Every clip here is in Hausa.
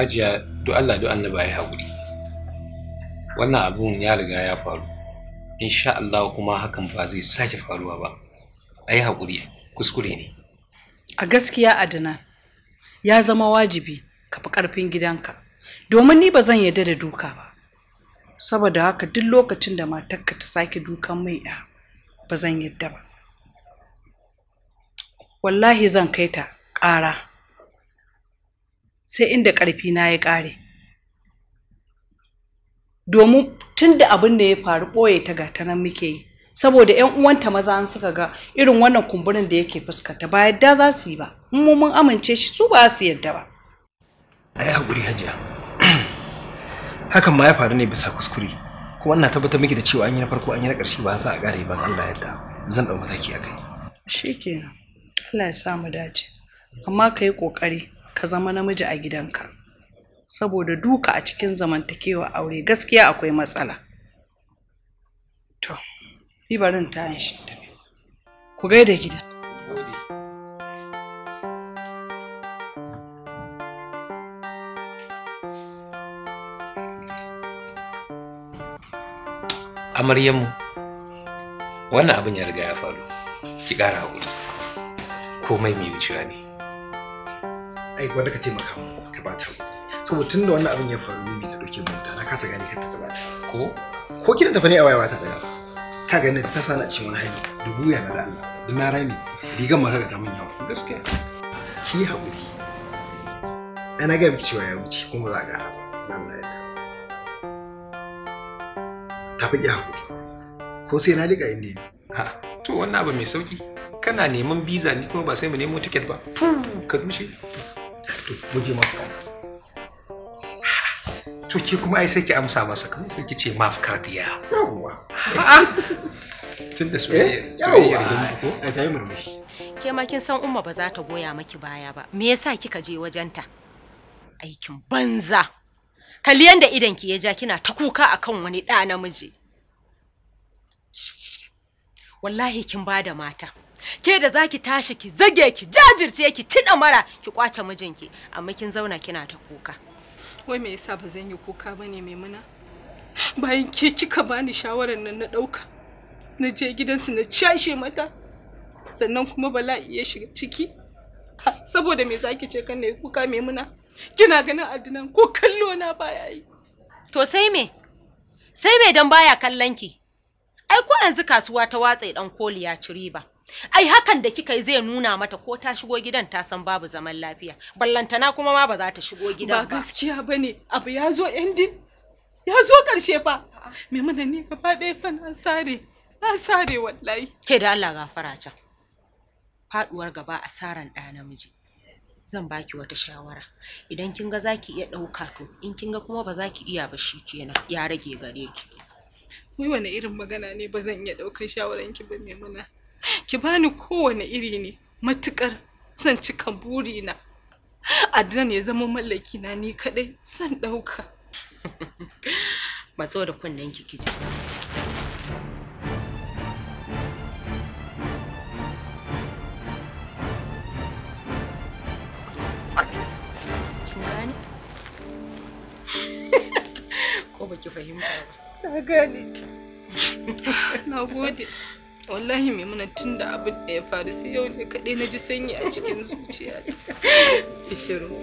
hajiya duk Allah duk annaba ya haƙuri wannan abun ya riga ya faru insha Allah kuma hakan ba zai sake faruwa ba a yi haƙuri kuskure ne a gaskiya adana ya zama wajibi ka fi ƙarfin gidanka domin ni ba zan yarda da duka ba saboda haka duk lokacin da matarka ta sake dukan mai ɗa ba zan yarda ba wallahi zan kai ta ƙara sai inda ƙarfi na ya ƙare domin tun da abin da ya faru ɓoye ta nan muke yi saboda yan uwanta maza an suka ga irin wannan kumburin da yake fuskanta ba yadda za su yi ba mu mun amince shi su ba su yadda ba a yi haƙuri hajiya hakan ma ya faru ne bisa kuskure kuma ina tabbatar miki da cewa an yi na farko an yi na ƙarshe ba za a ƙare ban Allah yadda zan ɗau mataki a kai Shi kenan, Allah ya samu dace amma ka yi ƙoƙari ka zama namiji a gidanka saboda duka a cikin zamantakewa aure gaskiya akwai matsala to barin ta shi ku gaida gida amaryamu wannan abin ya riga ya faru ki ƙara haƙuri komai mai wucewa ne wanda ka taimaka mu ka bata saboda tun da wannan abin ya faru ne ta dauke mun ta na kasa gane kanta gaba ɗaya ko ko kidan ta fa ne a wayawa ta daga ka ga ne ta sana cikin wani hali dubu ya na da Allah duk na rami rigan ma ga ta mun yawa gaskiya ki haƙuri ana ga miki cewa ya wuce kuma za a gara ba Allah ya ta fi ya haƙuri ko sai na liƙa inda ne ha to wannan abu mai sauki kana neman biza ni kuma ba sai mu nemo tiket ba ka dushe muje maka to ke kuma ai sai ki amsa masa kawai sai ki ce mafkar diya yawwa tun eh, da soyayya soyayya ko eh, ta yi murmushi ke ma kin san umma ba za ta goya maki baya ba me yasa kika je wajenta aikin banza kalli yanda idan ki ya ja kina ta kuka akan wani ɗa namiji wallahi kin bada mata ke da zaki tashi ki zage ki jajirce ki tida mara ki kwace mijinki amma kin zauna kina ta kuka wai me yasa ba zan yi kuka bane muna? bayan ke kika bani shawarar nan na dauka na je gidansu na cashe mata sannan kuma bala iya shiga ciki saboda me zaki ce kan nayi kuka mai muna, kina ganin adinan ko kallo na baya yi to sai me sai me dan baya kallon ki ai ko yanzu kasuwa ta watsa dan koli ya ci riba ai hakan da kika yi zai nuna mata ko ta shigo gidan ta san babu zaman lafiya ballantana kuma ma ba za ta shigo gidan ba gaskiya bane abu ya zo ending ya zo karshe fa me mana ne gaba ɗaya fa na sare na sare wallahi ke da Allah gafara can faduwar gaba asaran ɗa namiji zan baki wata shawara idan kin ga zaki iya ɗauka to in kin ga kuma ba za ki iya ba shikenan ya rage gare ki wai wani irin magana ne ba zan iya ɗaukar ki ba mai mana ki bani kowane iri ne matukar zan cika burina adnan ya zama mallaki na ni kadai san dauka matso da kunnen ki kije ko ba na gode wallahi mai muna tun da abin da ya faru sai yau ne kaɗai na ji sanyi a cikin zuciya shiru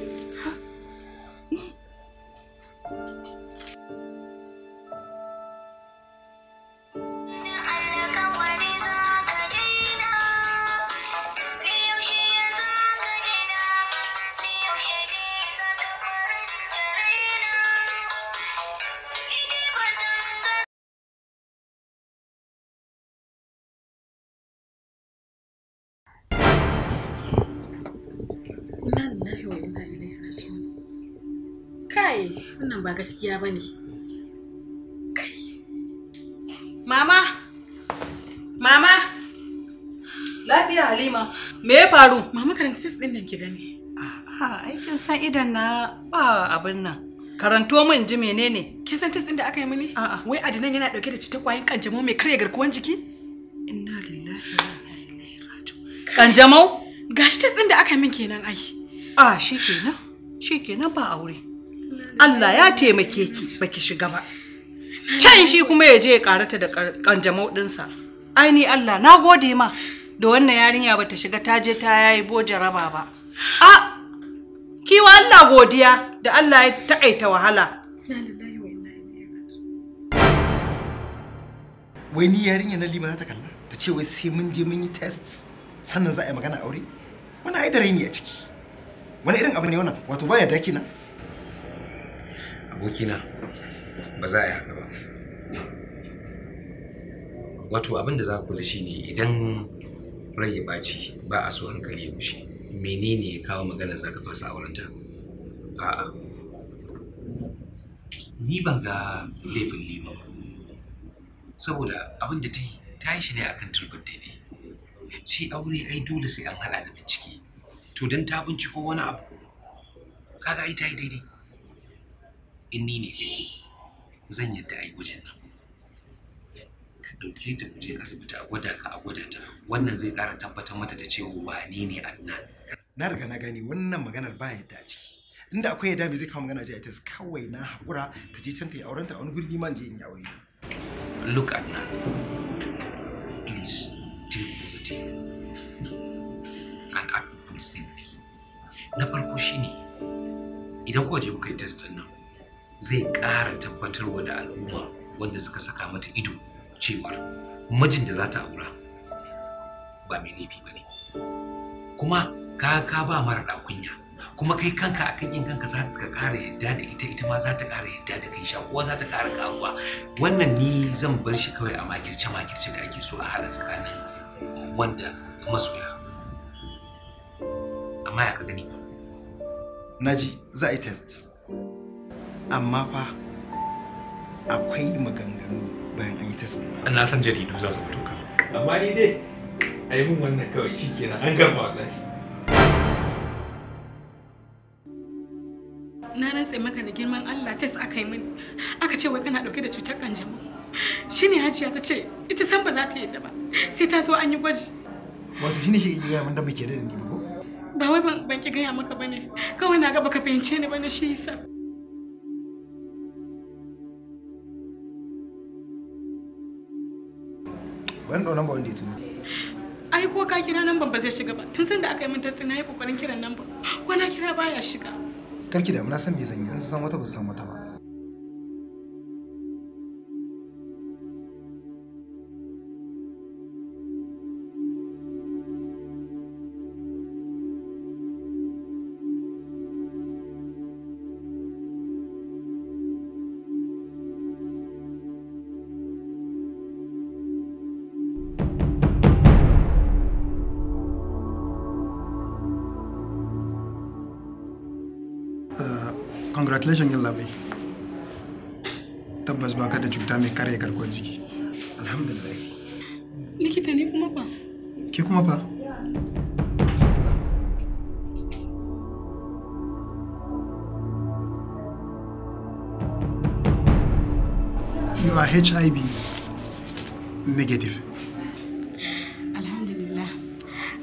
ba gaskiya ba ne mama mama lafiya halima me ya faru mama karanta fis din nan ki gani a'a aikin san idan na ba abin nan karanto min ji menene kin san tis din da aka yi mini a'a wai adinan yana dauke da cutar kwayin kanjamau mai karya garkuwan jiki inna lillahi wa inna ilaihi raji'un kanjamau gashi tis din da aka yi min kenan ai a shi kenan ba aure Allah ya taimake ki baki shiga ba can shi kuma ya je ya karata da kanjamau dinsa sa. ni Allah na gode ma da wannan yarinya bata shiga ta je ta yayi boje raba ba a kiwa Allah godiya da Allah ya taƙaita wahala wai ni yarinya na lima za ta kalla ta ce wai sai mun je mun yi test sannan za a yi magana aure wani ai da a ciki wani irin abu ne wannan wato baya daki na abokina ba za a yi haka ba wato abin da za ku kula ne idan rai ya ɓaci ba a so hankali ya gushe menene ya kawo magana za ka fasa aurenta a'a ni ban ga laifin lima ba saboda abin da ta yi ta yi shi ne akan turbin daidai shi aure ai dole sai an haɗa da bincike to don ta binciko wani abu kaga ai ta yi daidai in ni ne zan yadda a yi gwajin nan Ka ɗauke ta kuje asibiti a gwada ka a gwada ta wannan zai ƙara tabbatar mata da cewa wane ne nan na riga na gane wannan maganar ba yadda a ciki inda akwai yadda zai kawo magana jiya ta kawai na haƙura ta je can ta yi aurenta a wani gurbi man je in yi aure look na please take positive and act positively na farko shine idan kuka je kuka yi test nan zai ƙara tabbatarwa da al'umma wanda suka saka mata ido cewar mijin da za ta aura ba mai laifi ba ne kuma ka ka ba mara ɗakunya kuma kai kanka a kan kanka za ka ƙara yadda da ita ita ma za ta ƙara yadda da kai sha za ta ƙara ƙaruwa wannan ni zan bar shi kawai a makirce makirce da ake so a halin tsakanin wanda masoya amma ya ka gani naji za a yi test amma fa akwai maganganu bayan an yi test na san jaridu za su fito ka amma ni dai a yi min wannan kawai shi kenan an gama wallahi na rantse maka da girman Allah sa aka yi mini aka ce wai kana ɗauke da cutar kanjamau ne hajiya ta ce ita san ba za ta yadda ba sai ta zo an yi gwaji wato ne shi gaya min da muke da ni ba ko ba wai ban ban ki gaya maka bane kawai na ga baka fahimce ni bane shi yasa ban ɗau namba wanda ya tuno. ai ko ka kira namban ba zai shiga ba tun sanda aka yi min tasiri na yi kokarin kiran namban ko na kira baya shiga karki da na san me zan yi san wata ba san wata ba congratulations yalla bai tabbas baka da cuta mai kare garkuwar jiki alhamdulillah likita ne kuma fa ke kuma fa you are hiv negative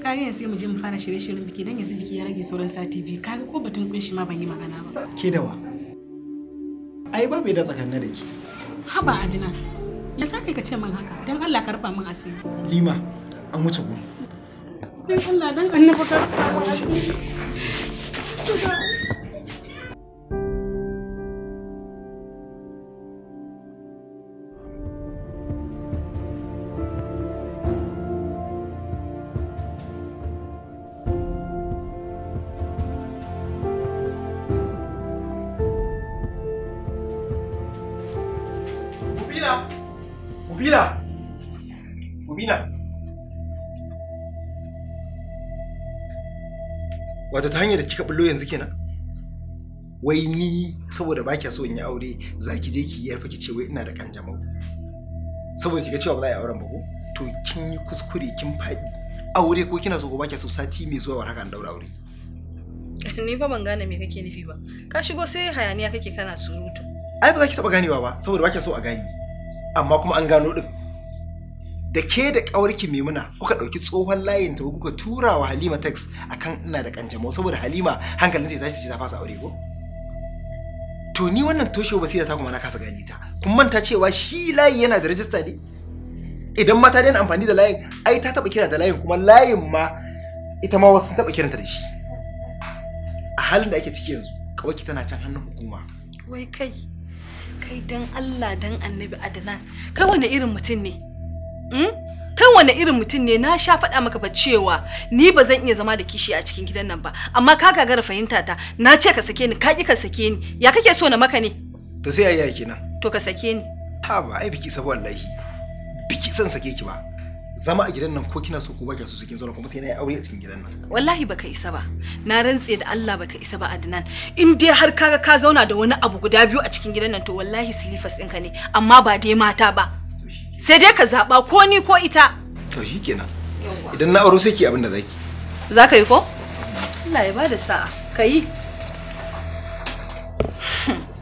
kaga yanzu mu je mu fara shirye-shiryen biki don yanzu biki ya rage sauran sati biyu kaga ko batun kunshi ma ban yi magana ba ke da wa ai ba bai da tsakanin da ke haba adina ya sa kai ka ce min haka don allah rufa min asiri lima an wuce gun don allah don annabi karɓa min asiri wato ta hanyar da kika bullo yanzu kenan wai ni saboda ba kya so in yi aure za ki je ki yarfa ki ce wai ina da kanjamau saboda kika cewa ba za a yi auren ba ko to kin yi kuskure kin faɗi aure ko kina so ko ba kya so sati mai zuwa war haka an daura aure ni fa ban gane me kake nufi ba ka shigo sai hayaniya kake kana surutu ai ba za ki taba ganewa ba saboda ba kya so a gane amma kuma an gano din da ke da ƙawarki maimuna kuka ɗauki tsohon layin ta kuka tura wa halima text akan ina da kanjamau saboda halima hankalin ta tashi ta fasa aure ko to ni wannan toshewa basira ta kuma na kasa gani ta kun manta cewa shi layi yana da rajista ne idan mata daina amfani da layin ai ta taɓa kira da layin kuma layin ma ita ma wasu taɓa kiranta da shi a halin da ake ciki yanzu kawaki tana can hannun hukuma wai kai kai dan Allah dan annabi Adnan kai wani irin mutum ne Hmm? kai wani irin mutum ne na sha faɗa maka ba cewa ni ba zan iya zama da kishi a cikin gidan nan ba amma ka gagara fahimta ta na ce ka sake ni ka ki ka sake ni ya kake so na maka ne to sai ayi yaki nan to ka sake ni ha ba ai biki sabo wallahi biki san sake ki ba zama a gidan nan ko kina so ko baki so kin zauna kuma sai na yi aure a cikin gidan nan wallahi baka isa ba na rantse da Allah baka isa ba Adnan in dai har kaga ka zauna da wani abu guda biyu a cikin gidan nan to wallahi silifas ɗinka ne amma ba dai mata ba sai dai ka zaɓa ko ni ko ita to shi idan na auro sai ki abin da zaki za ka yi ko Allah ya da sa'a ka yi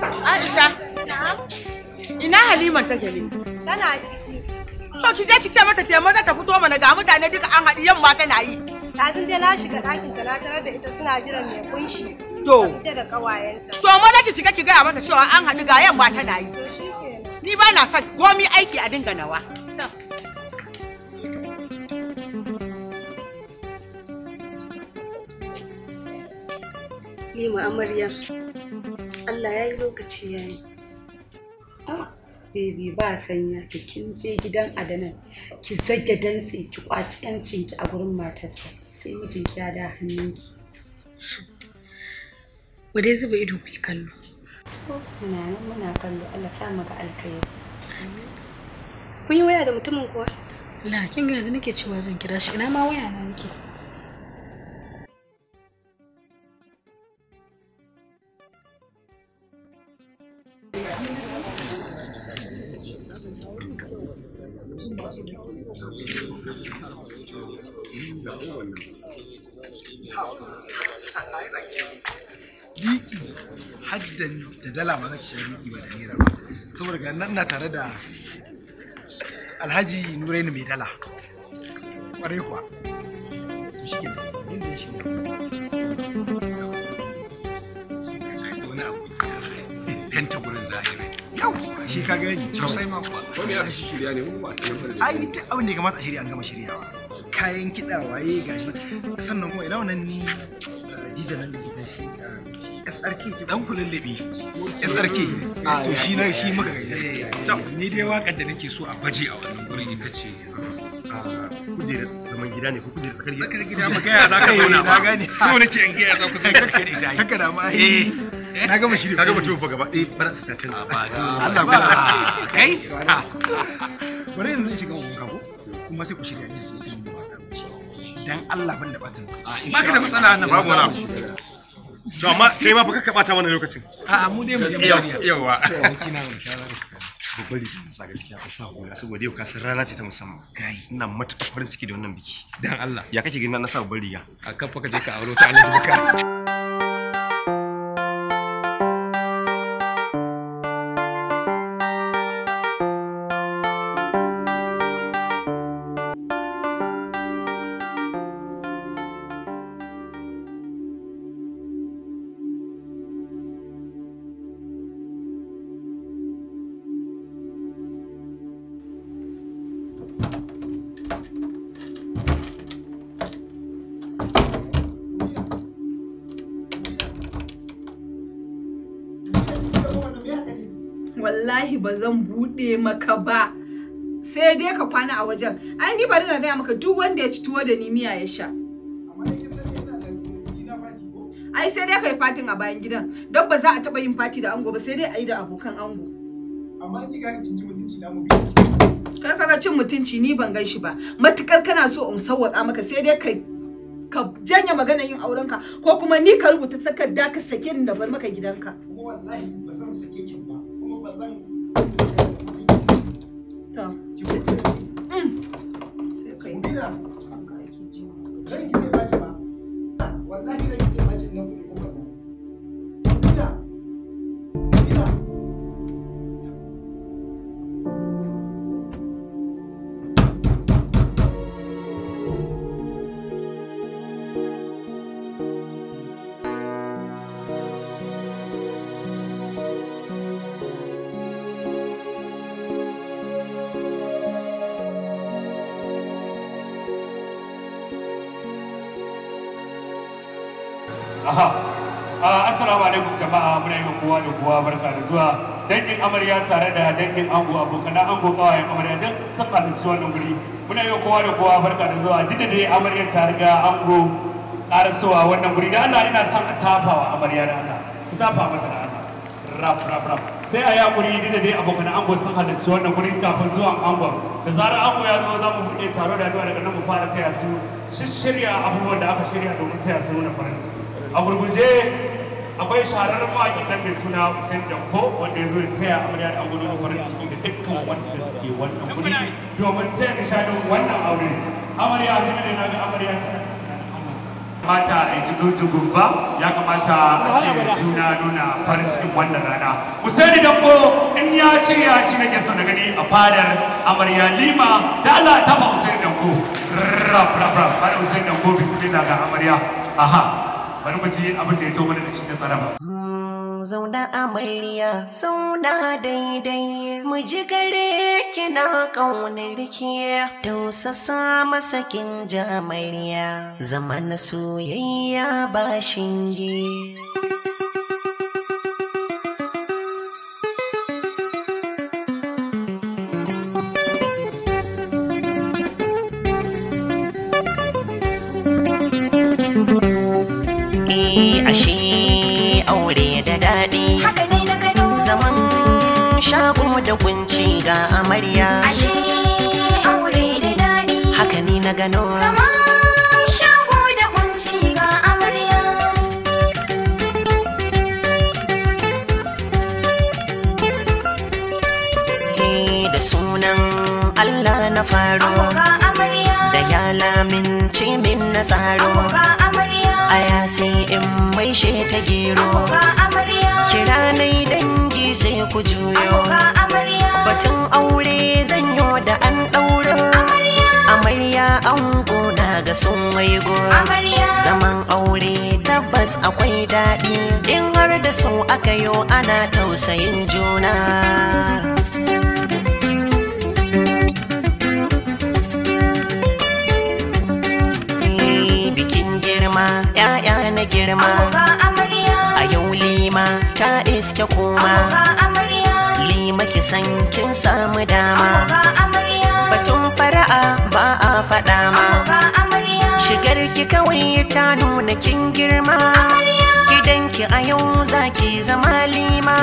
Aisha. Ina Halima ta ne? Tana ciki. To ki je ki ce mata ke maza ta fito mana ga mutane duka an haɗi yamma tana yi. Ɗazin dai na shiga ɗakin ta na tarar da ita suna jiran mai kunshi. To. Ita da kawayenta. To maza ki shiga ki gaya mata cewa an haɗu ga yamma tana yi. Ni ba na son gomi aiki a dinga nawa. Lima amarya. Allah ya yi lokaci ya yi. Ah. baby ba sanya ki kin je gidan adana ki zage dantse ki kwaci yancin ki a gurin matarsa sai mijinki ya da hannunki. ki. dai zuba ido ku kallo. Muna nan muna kallo Allah sa mu ga alkhairi. Kun yi waya da mutumin kuwa? Na kin ga yanzu nake cewa zan kira shi ina ma waya na nake. da liki hajjan da dala ma zaki shiga liki ba da naira ba saboda ga nan na tare da alhaji nuraini mai dala kwarai kuwa shi ma shi shirya ne ba ai duk abin da ya kamata a shirya an gama shiryawa kayan kiɗa waye ga shi sannan kuma ina wannan ni ah, dijan nan da ke shi ah, SRK dan kulullabi SRK ah, to shi na shi muka gaji eh, to ni dai waka da nake so a baje a wannan gurin ita ce kujerar zaman gida ne ko kujerar tsakar gida tsakar gida magaya za ka zauna ba gane so nake in gaya za ku sai ka kai ita haka da ma eh. eh na gama shi na gama tufa gaba ɗaya bara su ta canza Allah ba kai bari yanzu shiga wanka ko kuma sai ku shirya ni sosai dan Allah ban da batun lokaci ah, ka da matsala kai ma fa ka bata a mu dai mu yawa kina mun bari gaskiya ka sa saboda ka san rana ce ta musamman ina farin ciki da biki dan Allah ya kake gina na sa riga a kafa ka je ka auro ta Allah baka ba zan buɗe maka ba sai dai ka kwana a wajen ai ni bari na gaya maka duk wanda ya ci tuwo da ni miya ya sha ai sai dai ka yi fatin a bayan gidan don ba za a taɓa yin fati da ango ba sai dai a yi da abokan ango amma ga kin ci mutunci mu kai kaga cin mutunci ni ban gan shi ba matukar kana so in sawwaka maka sai dai kai ka janye magana yin aurenka ko kuma ni ka rubuta sakar da ka sake ni da bar maka gidanka wallahi ba zan sake ki Ah, assalamu alaikum jama'a muna yi kowa da kowa barka da zuwa dangin amarya tare da dangin ango abokan ango kawai amarya don sun halarci wannan guri muna yi kowa da kowa barka da zuwa duk da dai amarya ta riga ango karasowa wannan guri da Allah ina son a tafawa amarya da Allah ku tafa mata da Allah rap rap rap sai a guri duk da dai abokan ango sun halarci wannan guri kafin zuwan ango da zarar ango ya zo za mu buɗe taro da addu'a daga nan mu fara taya su shirya abubuwan da aka shirya domin taya su nuna farin ciki a gurguje akwai shahararren mawaƙi nan mai suna Hussein Danko wanda ya zo da taya amarya da angudu a farin cikin da dukkan wanda suke wannan guri domin taya nishadin wannan aure amarya ne ne na ga amarya kamata a ji dugun ba ya kamata a ce juna nuna farin cikin wannan rana Hussein Danko in ya shirya shi nake so na gani a fadar amarya lima da Allah ta ba Hussein Danko rap rap rap bari Hussein Danko bismillah ga amarya aha bari mu ji abin da ya da shi sarama. Hmm, zauna amarya zauna daidai mu ji gare kina ƙaunar ki tausasa masa kin zama na soyayya ba shinge. da kunci ga amarya ashe aure da daɗi haka ni na gano sama shago da kunci ga amarya da sunan Allah na faro da ya lamince min na tsaro aya sai in maishe ta gero kira nai dan sai ku juyo batun aure zan yi da an ɗauro amarya an gona ga sun waigo zaman aure tabbas akwai daɗi in har da sau aka yo ana tausayin juna eh, bikin girma ya'ya na girma a yau lima ta iske ko san kin samu dama batun fara'a ba a faɗa ma shigar ki kawai ta nuna kin girma gidan ki a yau za ki zama lima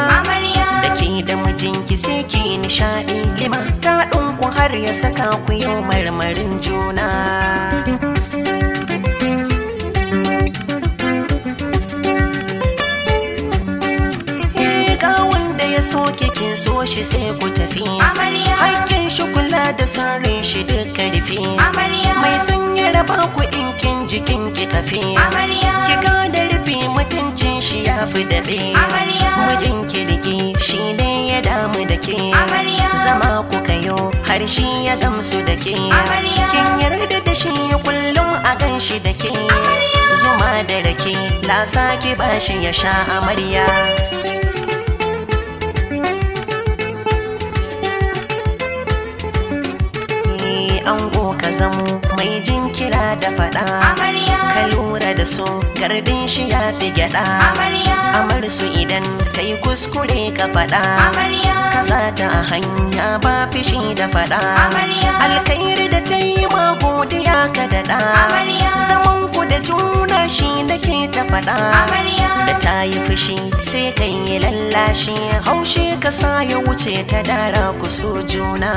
da ke da mijinki sai ki nishaɗi lima ta ɗinku har ya saka ku yau marmarin juna ya so kikin so shi sai ku tafi hakkin shi kula da sirrin shi da karfi mai san ya raba ku kin jikin ki kafi ki ga da rufi mutuncin shi ya fi daɓe mijin kirki shi ne ya damu da ke zama ku kayo har shi ya gamsu da ke kin yarda da shi kullum a gan shi dake. ke zuma da rake lasa ki shi ya sha amarya ango ka zamo mai jinkira da faɗa ka lura da su gardin shi ya fi gyaɗa amar su idan ka yi kuskure ka faɗa ka sata a hanya ba fishi da faɗa alkairi da ta yi ma godiya ka daɗa zaman ku da juna shi nake ke ta faɗa da ta yi fushi sai ka yi lallashi haushe ka sa ya wuce ta dara ku so juna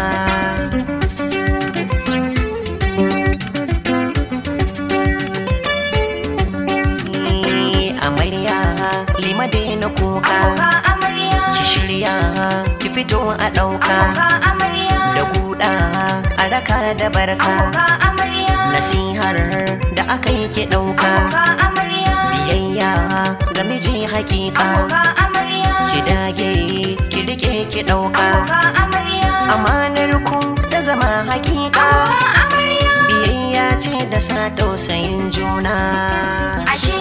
na kuka ki shirya ki fito a ɗauka da guda a raka da barka nasihar da aka yi ki ɗauka biyayya ga miji hakika ki dage ki rike ki ɗauka amanar ku da zama hakika biyayya ce da sa tausayin juna ashe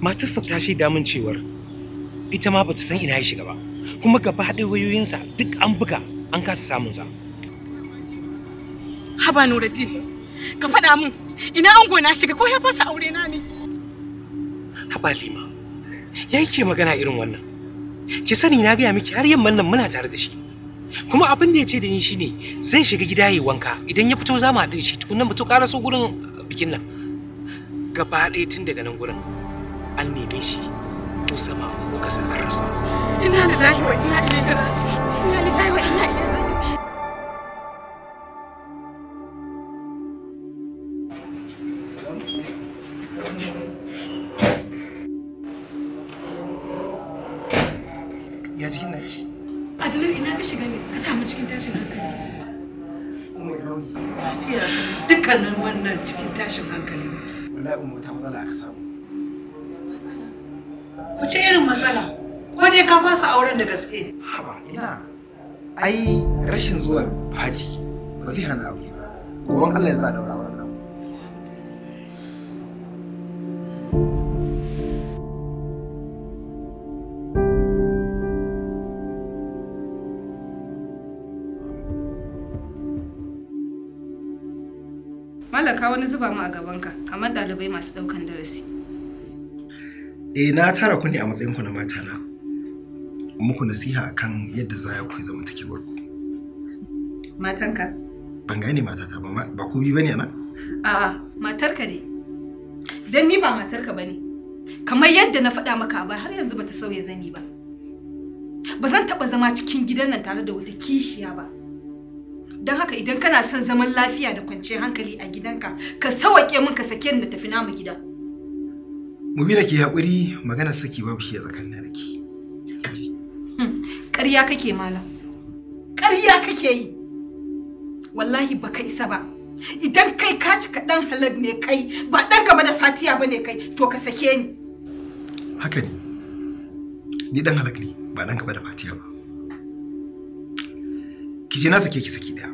matarsa ta shaida min cewar ita ma bata san ina ya shiga ba kuma gaba ɗaya wayoyinsa duk an buga an kasa samun sa haba nuruddin ka faɗa min ina ango na shiga ko ya fasa aure na ne haba lima ya yake magana irin wannan ki sani na gaya miki har yamman nan muna tare da shi kuma abin da ya ce da ni shine zai shiga gida yayi wanka idan ya fito za mu haɗu da shi tukunna mu to karaso gurin bikin nan gaba ɗaya tun daga nan gurin an neme shi to sama ko kasa an rasa ina lillahi wa ina ilaihi raji'un ina lillahi wa ina ilaihi matsala ko dai ka fasa auren da gaske ha ina ai rashin zuwa fati ba zai hana aure ba goban Allah ya tsada auren nan Malaka wani zuba mu a gabanka kamar ɗalibai masu ɗaukan darasi. eh na tara ku ne a matsayin ku na mata na muku nasiha akan yadda za ku zama takewar ku matanka ban gane matata ba ba ku bi bane nan a'a matarka ne dan ni ba matarka bane kamar yadda na faɗa maka ba har yanzu bata sauya zani ba ba zan taɓa zama cikin gidan nan tare da wata kishiya ba don haka idan kana son zaman lafiya da kwanciyar hankali a gidanka ka sawaƙe min ka sake ni da tafi namu gidan. Mubina ke haƙuri magana saki babu shi a tsakanin da ke. Hmm, ƙarya kake mala. Ƙarya kake yi. Wallahi baka isa ba. Idan kai ka cika ɗan halal ne kai ba ɗan gaba da fatiya ba ne kai to ka sake ni. Haka ne. Ni ɗan halak ne ba ɗan gaba da fatiya ba. Kije na sake ki saki ɗaya.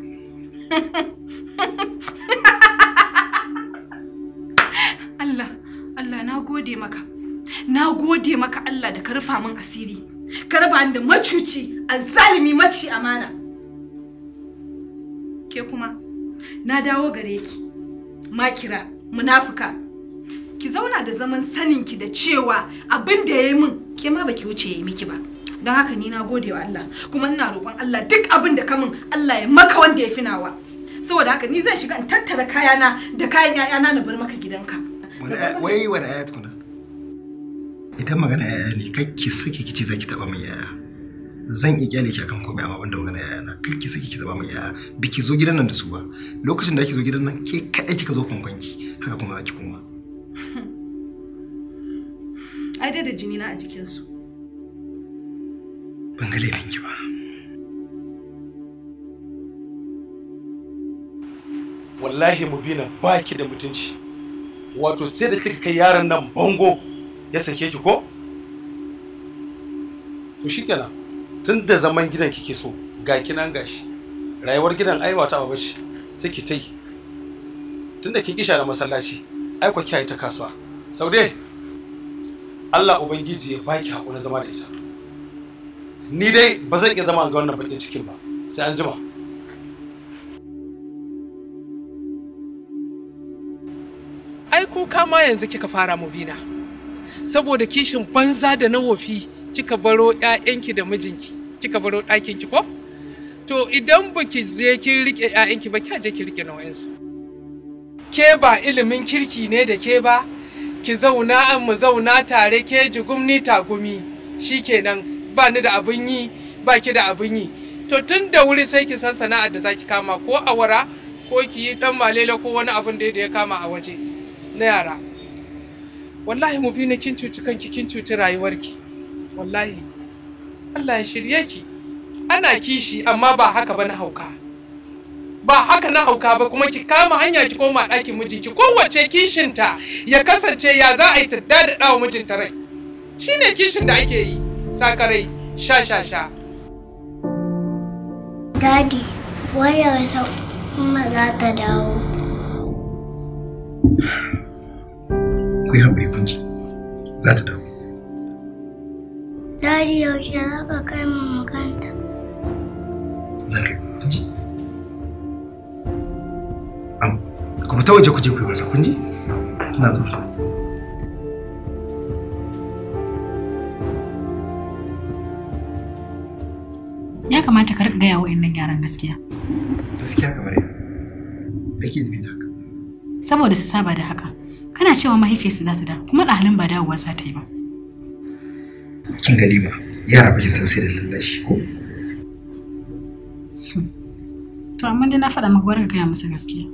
na gode maka na gode maka Allah da ka rufa min asiri ka raba ni da macuci zalimi maci amana ke kuma na dawo gare ki makira munafuka ki zauna da zaman sanin ki da cewa abin da ya yi min ke ma baki wuce ya yi miki ba don haka ni na gode wa Allah kuma ina roƙon Allah duk abin da ka min Allah ya maka wanda ya fi wa saboda haka ni zan shiga in tattara kayana da kayan 'ya'yana na bar maka gidanka wai wani aya tukuna idan magana yaya ne kakki sake kici zaki taba min yaya zan iya kyale ki akan komai amma banda magana yaya na kakki sake ki taba min yaya biki zo gidan nan da su ba lokacin da ake zo gidan nan ke kaɗai kika zo kwankwanki haka kuma zaki koma ai dai da jini na a jikin su ban ga laifin ki ba wallahi mubina baki da mutunci wato sai da kika kai yaron nan bango ya sake ki ko to shikenan tun da zaman gidan kike so ga kinan gashi rayuwar gidan ai wata ba bace sai ki tai tun da kin kisha da masallaci ai ku kiyaye ta kasuwa saude Allah ubangiji ya baki hakuri zama da ita ni dai ba zan iya zama ga wannan bakin cikin ba sai an jima Kama yanzu kika fara mu mubina saboda kishin banza da na wofi kika baro 'ya'yanki da mijinki kika baro ɗakinki ko to idan baki je kin rike 'ya'yanki ba kya je ki rike nau'insu ke ba ilimin kirki ne da ke ba ki zauna mu zauna tare ke jigumni tagumi shikenan ba ni da abin yi ba ki da abin yi to tun da wuri sai ki san sana'ar da zaki kama ko awara ko ki yi dan malele ko wani abun da ya kama a waje na yara wallahi mu bi ne kin cuci kanki kin cuci rayuwarki wallahi Allah ya shirye ki ana kishi amma ba haka ba na hauka ba haka na hauka ba kuma ki kama hanya ki koma ɗakin mijinki kowace kishinta ya kasance ya za a yi tadda da ɗawa mijinta rai shine kishin da ake yi sakarai sha sha sha Daddy, why are you so... Oh my God, ku yi haƙuri kunji za ta dawo Dari yaushe za ka kai mu makanta? Zan kai kunji. Am, ku fita waje ku je ku yi wasa kunji? Ina zuwa. ya kamata ka gaya wa nan yaran gaskiya. Gaskiya kamar yau. Ake nufi da haka. Saboda su saba da haka. Ana cewa mahaifiyarsu za ta da kuma ɗalin ba dawowa za ta yi ba. Kin gani ba, yara ba san sai da lallashi ko? To amma dai na faɗa maka gwarar gaya musu gaskiya.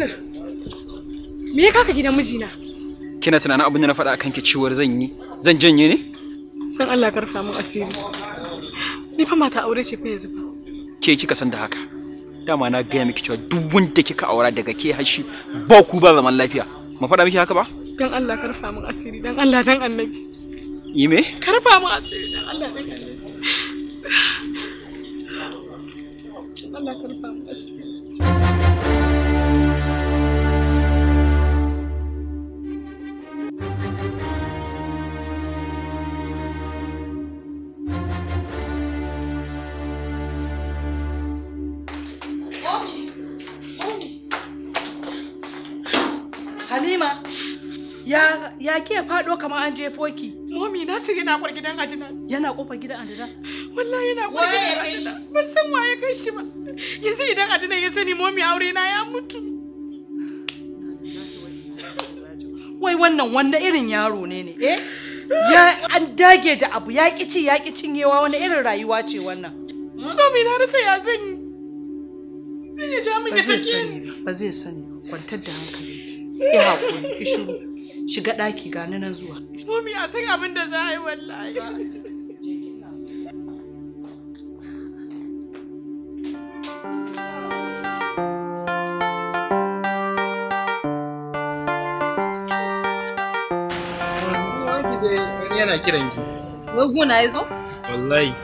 Mansur, me ya kaka gidan mijina? Kina tunanin abin da na faɗa akan ki ciwar zan yi? Zan janye ne? Dan Allah karfa mun asiri. Ni fa mata aure ce fa yanzu fa. Ke kika san da haka. Dama na gaya miki cewa duk wanda kika aura daga ke hashi ba ku ba zaman lafiya. Mu faɗa miki haka ba? Dan Allah karfa mun asiri, dan Allah dan Annabi. Yi me? Karfa mun asiri, dan Allah dan Annabi. Allah karfa mun asiri. Halima, ya ya ke faɗo kamar an je foki. Momi Nasir yana kwar gidan Adnan. Yana kofar gidan Adina. Wallahi yana kwar gidan Adina. Ban san waye kai shi ba. Yanzu idan Adina ya sani Momi aure na ya mutu. Wai wannan wanda irin yaro ne ne eh? Ya an dage da abu ya ƙi ci ya ƙi cinyewa wani irin rayuwa ce wannan. Momi na rasa ya zan yi. Ba zai sani ba. Ba zai sani kwantar da hankali. Ki haƙuri, ki shiru. Shiga ɗaki gani nan zuwa. Mami a san abin da za a yi wallahi. yana kiran ki. Wai gona ya zo? Wallahi.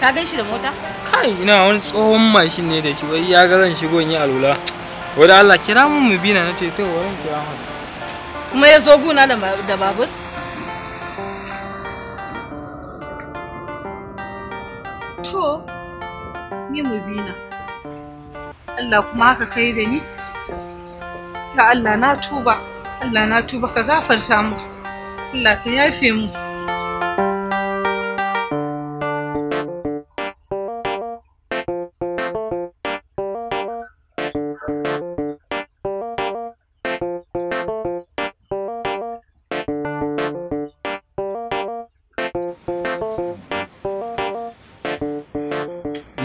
Ka gan shi da mota? Kai ina wani tsohon mashin ne da shi wai ya ga zan shigo in yi alula. wadda Allah kira mu mu bina na ce to wurin kira mun kuma ya zo guna da babur to ni mu bina Allah kuma haka kai da ni Ka Allah na tuba Allah na tuba ka gafarta mu Allah ka yafe mu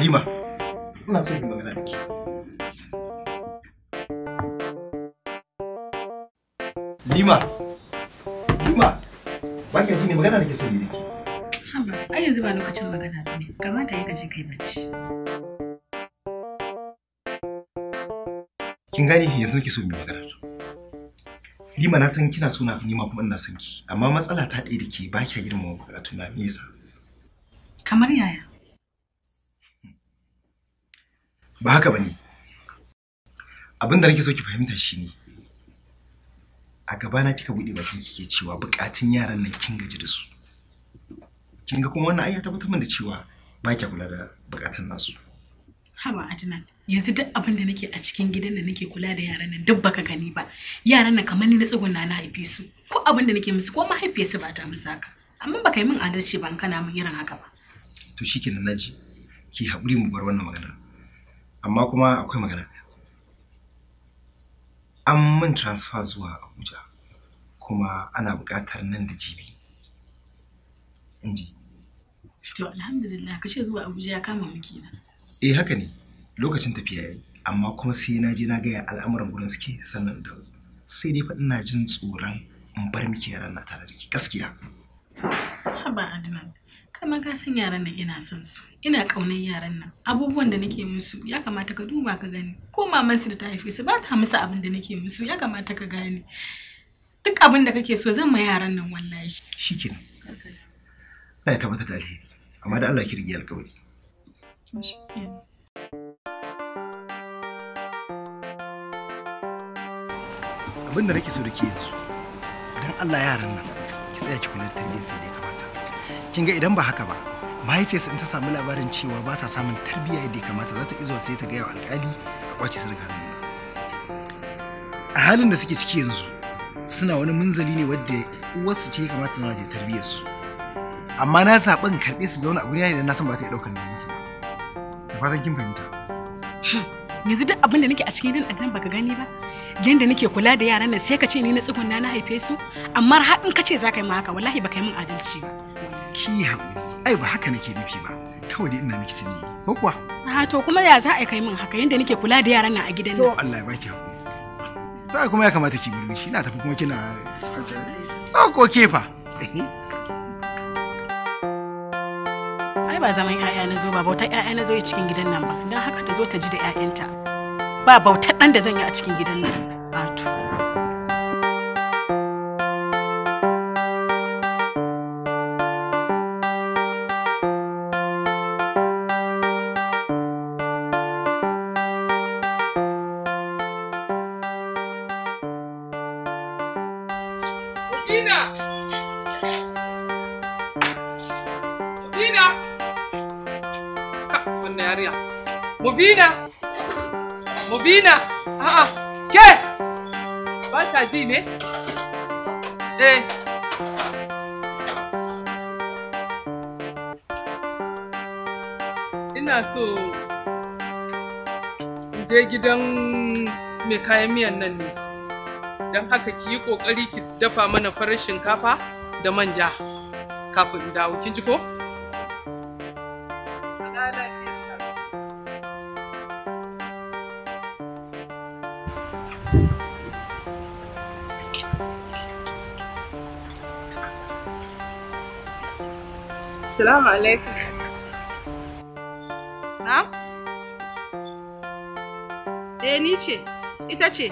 Halima, Una so in magana da ke. Lima, Lima, ba ki ne magana da ke so yi da ke. ai yanzu ba lokacin magana bane. ne, kamata ya gaje kai bacci. Kin gane yanzu nake so mu magana. Lima na san kina so na Lima kuma ina son ki, amma matsala ta ɗaya da ke ba ki girmama bukatuna me yasa? nake so ki fahimta shi ne a gabana kika buɗe bakin kike cewa bukatun yaran nan kin gaji da su kin ga kuma wannan ayya ta min da cewa ba kya kula da bukatun nasu haba Adnan yanzu duk abin da nake a cikin gidan da nake kula da yaran nan duk baka gani ba yaran nan kamar ni na tsuguna na haife su ko abin da nake musu ko mahaifiyarsu ba ta musu haka amma baka yi min adalci ban kana min irin haka ba to shikenan naji ki haƙuri mu bar wannan magana amma kuma akwai magana an min transfer zuwa abuja kuma ana buƙatar nan da jibi inji to alhamdulillah ka ce zuwa abuja ya kama miki na eh haka ne lokacin tafiya yayi amma kuma sai na je na ga al'amuran gurin suke sannan da sai dai fa ina jin tsoron in bar miki yaran na tare da ki gaskiya haba adnan kama ka san yaran nan ina son su ina kaunar yaran nan abubuwan da nake musu ya kamata ka duba ka gani ko mamansu da ta haife su ba ta musu abin da nake musu ya kamata ka gane duk abin da kake so zan ma yaran nan wallahi shikenan na ta mata da amma da Allah ki rige alƙawari abin da nake so da ke yanzu don Allah yaran nan ki tsaya ki kula da tarbiyyar sai dai kamar kin ga idan ba haka ba mahaifiyarsa in ta samu labarin cewa ba sa samun tarbiyya yadda ya kamata za ta izuwa ta ta gaya wa alkali a kwace su daga hannun a halin da suke ciki yanzu suna wani munzali ne wadda uwarsu ce ya kamata su zauna ta tarbiyyar su amma na zaɓi in karɓe su zauna a guri idan na san ba ta iya ɗaukar nauyin su da fatan kin fahimta yanzu duk abin da nake a cikin a nan baka gani ba yanda nake kula da yaran nan sai ka ce ni na tsugunna na haife su amma har in ka ce za ka yi ma haka wallahi baka yi min adalci ba ki haƙuri ai ba haka nake nufi ba kawai dai ina miki tuni ko kuwa a to kuma ya za a kai min haka yanda nake kula da yaran nan a gidan nan to Allah ya baki haƙuri sai kuma ya kamata ki murmushi ina tafi kuma kina ko kefa ai ba zaman 'ya'ya na zo ba bautar 'ya'ya na zo cikin gidan nan ba don haka ta zo ta ji da ƴaƴanta ba bautar ɗan da zan yi a cikin gidan nan Madina, a'a, ke, ba ta ji ne? Eh. Ina so in je gidan mai kayan miyan nan ne, don haka ki yi ƙoƙari ki dafa mana farar shinkafa da manja kafin dawo, kin ji ko? Assalamu alaikum. Na'am? Eh ni ce, ita ce.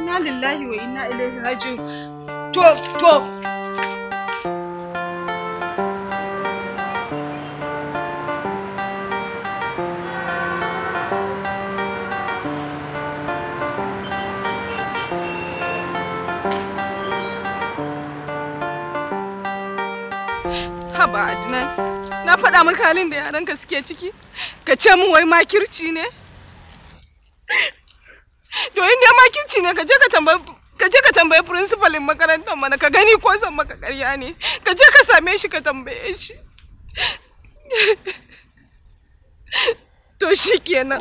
Inna lillahi wa inna ilaihi raji'un. To, to, halin da yaranka suke ciki ka ce min wai makirci ne to inda makirci ne ka je ka tambayi ka je ka tambayi principalin makarantar mana ka gani ko san maka ƙarya ne ka je ka same shi ka tambaye shi to shikenan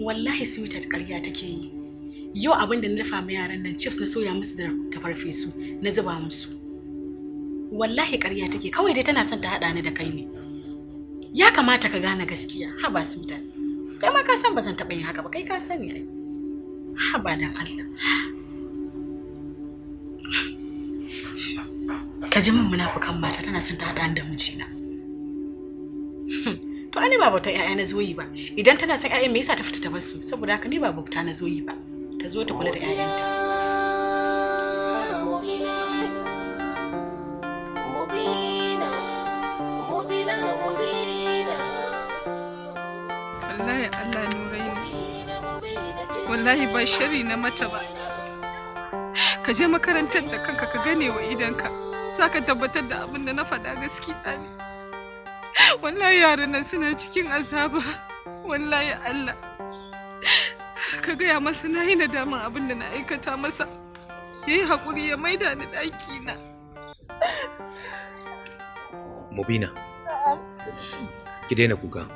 wallahi sweetheart ƙarya take yi yau abin da na dafa ma yaran nan chips na soya musu da farfesu na zuba musu wallahi ƙarya take kawai dai tana son ta haɗa ni da kai ne ya kamata ka gane gaskiya ha ba sweetheart kai ma ka san ba zan taɓa yin haka ba kai ka sani ai ha ba dan Allah ka ji min munafukan mata tana son ta haɗa ni da mijina kaga ni ba bauta ƴaƴa na zoyi ba idan tana son ƴaƴan me yasa ta fita ta bar su saboda haka ni ba bauta na zoyi ba ta zo ta kula da ƴaƴanta wallahi Allah nurai wallahi ba shari na mata ba ka je makarantar da kanka ka gane wa idanka za ka tabbatar da abin da na faɗa gaskiya ne wallahi yaran nan suna cikin azaba wallahi Allah ka gaya masa na yi nadamin abin da na aikata masa ya yi haƙuri ya maida ni ɗakina. na mubina ki daina kuka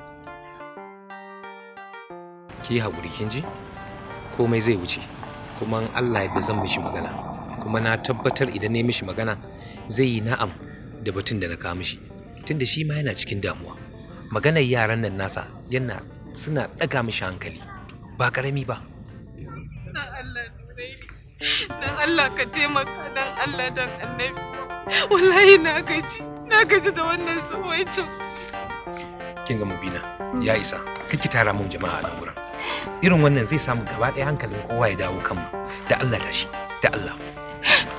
ki yi haƙuri kin ji komai zai wuce kuma Allah yadda zan mishi magana kuma na tabbatar idan na yi mishi magana zai yi na'am da batun da na kawo mishi tunda shi ma yana cikin damuwa maganar yaran nan nasa yana suna ɗaga mishi hankali ba ƙarami ba dan Allah ka taimaka dan Allah dan annabi wallahi na gaji na gaji da wannan tsawaicin kin ga mubina ya isa kake tara mun jama'a nan wurin irin wannan zai samu gaba ɗaya hankalin kowa ya dawo kanmu da Allah tashi da Allah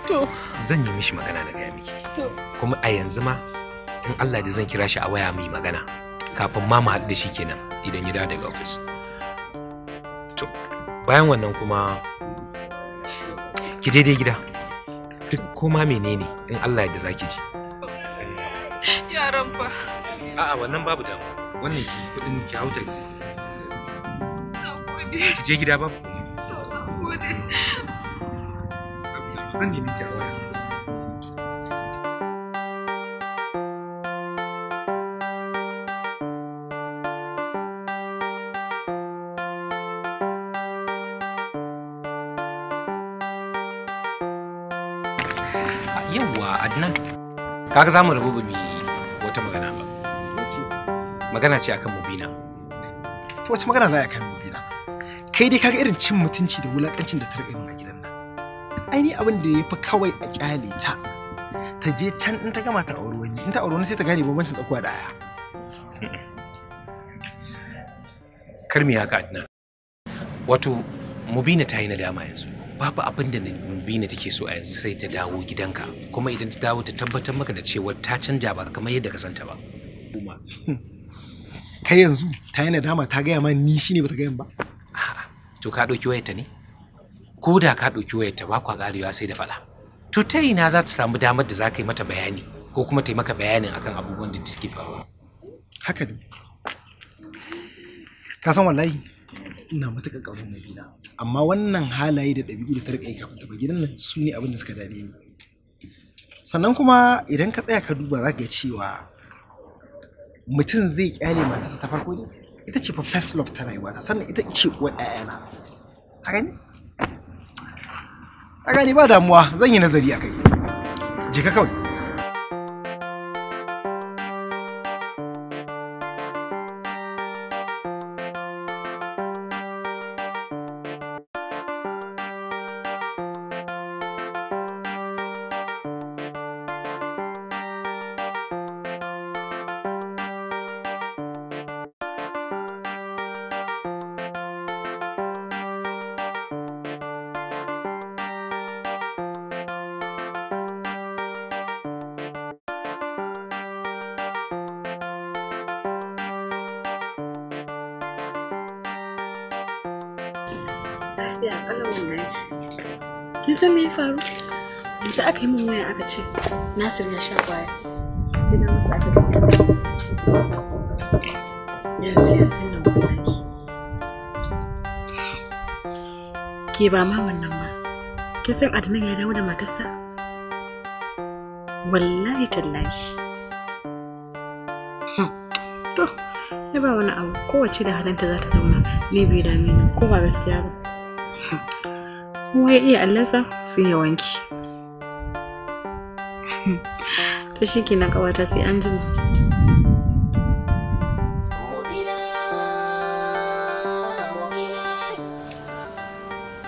to zan yi mishi magana na miki to kuma a yanzu ma in Allah da zan kira shi a waya mai magana kafin ma mu haɗu shi kenan idan ya dawo daga ofis to bayan wannan kuma ki je dai gida duk koma menene in Allah ya da zaki ji yaran fa a'a wannan babu da wannan ki kudin ki hau taxi ki je gida ba babu zan nemi ki a waya yawwa adnan kaga za mu rabu ba mu wata magana ba magana ce akan mubina to wace magana za a kan mubina kai dai kaga irin cin mutunci da wulakancin da ta rika a gidan nan aini abin da ya fi kawai a kyale ta ta je can in ta gama ta auri wani in ta auri wani sai ta gane bambancin tsakuwa da aya kar mu haka adnan wato mubina ta yi nadama yanzu babu abin da na biyu ne take so a yanzu sai ta dawo gidanka kuma idan ta dawo ta tabbatar maka da cewa ta canja ba kamar yadda ka santa ba kai yanzu ta yi nadama ta gaya ma ni shine bata gaya ba to ka ɗauki wayarta ne ko da ka ɗauki wayarta ba kwa ƙarewa sai da faɗa to ta ina za ta samu damar da za ka yi mata bayani ko kuma ta yi maka bayanin akan abubuwan da suke faruwa haka ne ka san wallahi ina matuƙa ƙaunar mai gida amma wannan halaye da ɗabi'u da ta riƙa yi kafin tafi gidan nan su ne abin da suka dame ni sannan kuma idan ka tsaya ka duba za ka cewa mutum zai ƙyale matarsa ta farko ne ita ce fa first love ta ta sannan ita ce uwar ƴaƴana haka ne haka ne ba damuwa zan yi nazari a kai je kawai lafiya ƙalau wallahi kin san me ya faru yanzu aka yi min waya aka ce nasir ya sha kwaya sai na masa aka ya sai ya san nan Ki ke ba ma wannan ba kin san Adnan ya dawo da matarsa wallahi tallahi hmm. to ya ba wani abu kowace da halinta za ta zauna ne bai dame ko ba gaskiya ba kowa ya iya allansa sai ya wanki. to shi ke na kawata sai an jima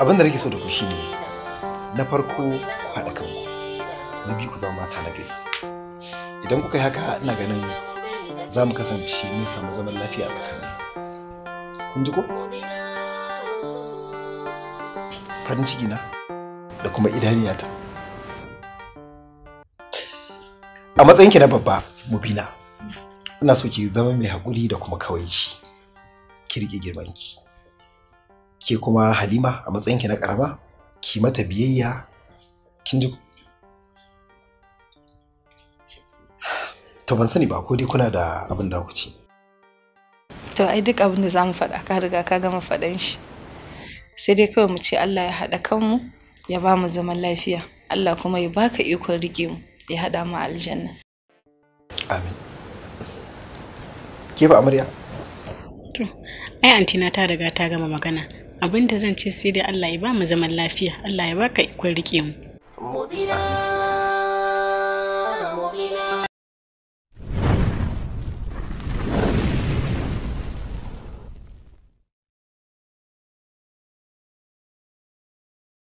abin da nake so da ku shine na farko haɗa kanku na biyu ku zama mata na gari idan kuka yi haka ina ganin za mu kasance mun samu zaman lafiya a tsakanin kun ji ko farin ciki na da kuma idaniyata a matsayinki na babba mubina ina so ki zama mai haƙuri da kuma kawaici ki riƙe girmanki ke kuma halima a matsayinki na ƙarama ki mata biyayya kin ji to ban sani ba ko dai kuna da abin da ku ce to ai duk abin da za mu faɗa ka riga ka gama faɗan shi sai dai kawai mu ce Allah ya haɗa kanmu ya ba mu zaman lafiya Allah kuma ya baka ikon riƙe mu ya haɗa mu aljanna amin ke ba amarya to ai antina ta riga ta gama magana abinda zan ce sai dai Allah ya ba mu zaman lafiya Allah ya baka ikon riƙe mu amin